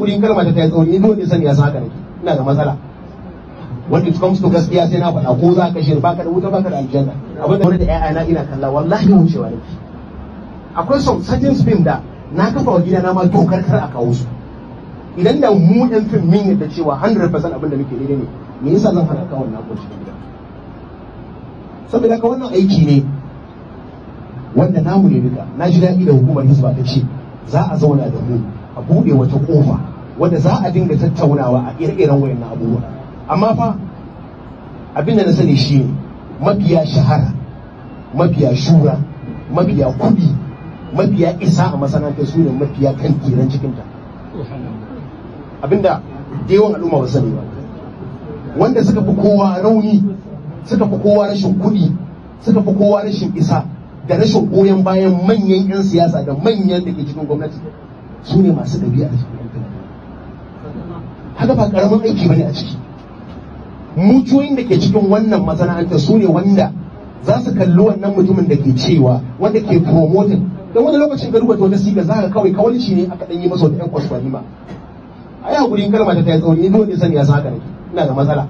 kar kalma ta yi tsauri ni dole sani ya saka haka nake ina da matsala when it comes to gaskiya sai na faɗa ko za ka shirba ka da wuta ba ka da aljanna abin da da ƴaƴa na ina kalla wallahi wucewa nake akwai some certain spin da na kafa wa gidana ma dokar kar a kawo su idan da mu ɗan fim min yadda cewa 100% abin da muke daidai ne me yasa zan hana kawon na koshi gida saboda ka wannan aiki ne wanda namu ne duka na ji daɗi da hukumar hisba ta ce za a zauna da mu a buɗe wata ƙofa wadda za a dinga tattaunawa a ire wayan na abubuwa amma fa abin da na sani shi ne mafiya shahara mafiya shura mafiya kuɗi mafiya isa a masana'antar su ne mafiya kan tiran cikinta abinda da yawan al'umma ba sani ba wanda suka fi kowa rauni suka fi kowa rashin kuɗi suka fi kowa rashin isa da rashin goyon bayan manyan 'yan siyasa da manyan da ke cikin gwamnati su ne masu ɗabi'a haka ba ƙaramin aiki bane a ciki mutuwoyin da ke cikin wannan masana'anta su ne wanda za su kalli wannan mutumin da ke cewa wanda ke promoting don wani lokacin garuba ta wata siga za ka kawai kawalci ne aka ɗanyi masa wata ƴan kwaskwani ma a yi haƙuri kalma ta ta yi tsauni dole sani ya san haka ke, ina da matsala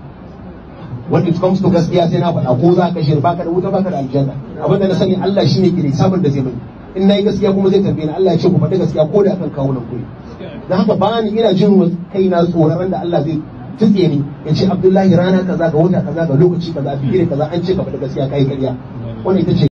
when it comes to gaskiya sai na faɗa ko za ka shirya baka da wuta baka da aljanna abinda na sani Allah shi ne ke sabon da zai mai in nayi gaskiya kuma zai tambaye ni Allah ya ce ku faɗi gaskiya ko da kan kawo nan ku dan haka ba ni ina jin kaina tsoron da Allah zai tutse ni ya ce Abdullahi rana kaza ga wata kaza ga lokaci kaza fi kaza an ce ka faɗi gaskiya kai ƙarya wannan ita ce